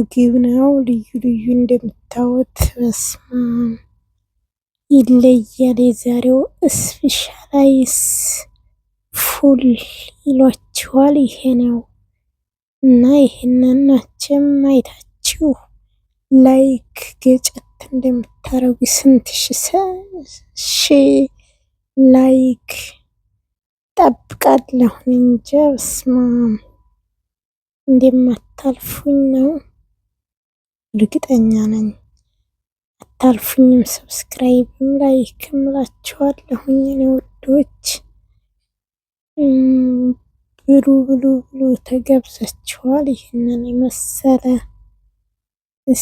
ምግብ ነው። ልዩ ልዩ እንደምታዩት በስመ ይለያል። የዛሬው ስፔሻል ፉል ይሏችኋል ይሄ ነው እና ይሄንን ናችም አይታችሁ ላይክ ገጨት እንደምታረጉ ስንት ሺ ላይክ ጠብቃለሁ እንጂ በስመ እንደማታልፉኝ ነው። እርግጠኛ ነኝ አታልፉኝም። ሰብስክራይብም ላይ ከምላችኋለሁኝ የኔ ውዶች፣ ብሉ ብሉ ብሉ ተገብዛችኋል። ይህንን የመሰለ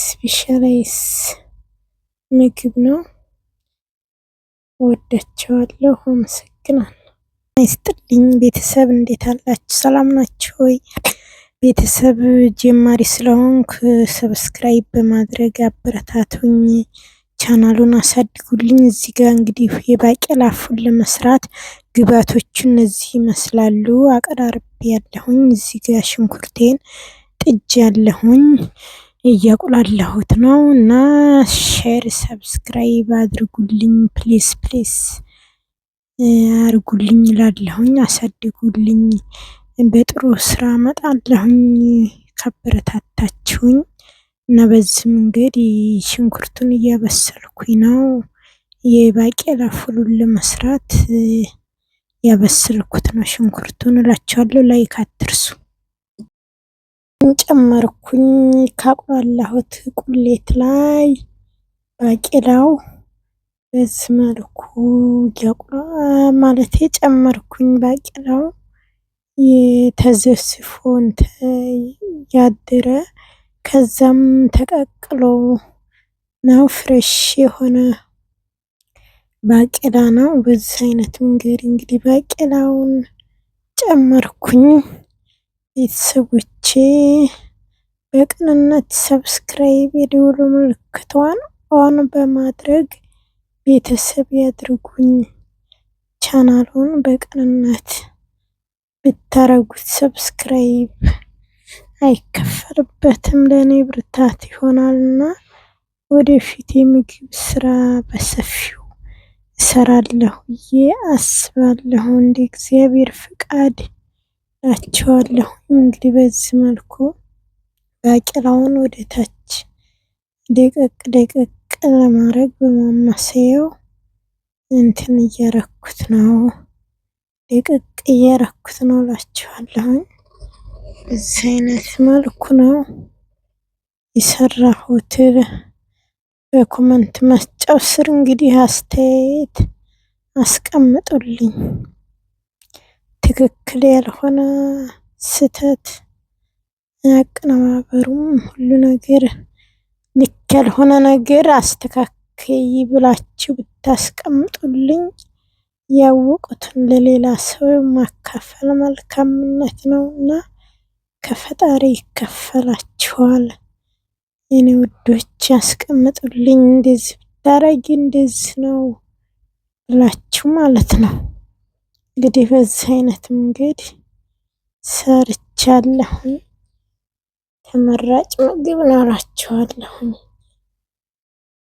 ስፔሻላይስ ምግብ ነው። ወዳቸዋለሁ። አመሰግናለሁ። ይስጥልኝ ቤተሰብ፣ እንዴት አላችሁ? ሰላም ናችሁ ወይ? ቤተሰብ ጀማሪ ስለሆንክ ሰብስክራይብ በማድረግ አበረታቱኝ፣ ቻናሉን አሳድጉልኝ። እዚህ ጋር እንግዲህ የባቄላ አፉን ለመስራት ግብአቶቹ እነዚህ ይመስላሉ። አቀራርብ ያለሁኝ እዚህ ጋር ሽንኩርቴን ጥጅ ያለሁኝ እያቁላለሁት ነው እና ሼር ሰብስክራይብ አድርጉልኝ ፕሊስ ፕሊስ አድርጉልኝ ላለሁኝ አሳድጉልኝ በጥሩ ስራ እመጣለሁኝ ከበረታታችሁኝ እና በዚህ መንገድ ሽንኩርቱን እያበሰልኩኝ ነው። የባቄላ ፉሉን ለመስራት ያበሰልኩት ነው ሽንኩርቱን እላችኋለሁ። ላይክ አትርሱ። ጨመርኩኝ ካቋላሁት ቁሌት ላይ ባቄላው በዚህ መልኩ ማለት ጨመርኩኝ ባቄላው ተዘፍዝፎ ያደረ ከዛም ተቀቅሎ ነው ፍሬሽ የሆነ ባቄላ ነው። በዚህ አይነት መንገድ እንግዲህ ባቄላውን ጨመርኩኝ። ቤተሰቦቼ በቅንነት ሰብስክራይብ የደወሉ ምልክቷን ኦን በማድረግ ቤተሰብ ያድርጉኝ። ቻናሉን በቅንነት ብታረጉት ሰብስክራይብ አይከፈልበትም። ለእኔ ብርታት ይሆናል እና ወደፊት የምግብ ስራ በሰፊው እሰራለሁ ብዬ አስባለሁ። እንደ እግዚአብሔር ፍቃድ ላቸዋለሁ። እንግዲህ በዚህ መልኩ ባቄላውን ወደ ታች ደቀቅ ደቀቅ ለማድረግ በማማሰያው እንትን እያረኩት ነው። ልቅቅ እየረኩት ነው እላችኋለሁኝ። በዚህ አይነት መልኩ ነው የሰራሁት። በኮመንት መስጫው ስር እንግዲህ አስተያየት አስቀምጡልኝ። ትክክል ያልሆነ ስህተት አቀነባበሩም ሁሉ ነገር ልክ ያልሆነ ነገር አስተካከይ ብላችሁ ብታስቀምጡልኝ ያወቁትን ለሌላ ሰው ማካፈል መልካምነት ነው እና ከፈጣሪ ይከፈላችኋል። የኔ ውዶች ያስቀምጡልኝ፣ እንደዚህ ብታረጊ እንደዚህ ነው ብላችሁ ማለት ነው። እንግዲህ በዚህ አይነት መንገድ ሰርቻለሁኝ። ተመራጭ ምግብ ኖራችኋለሁኝ።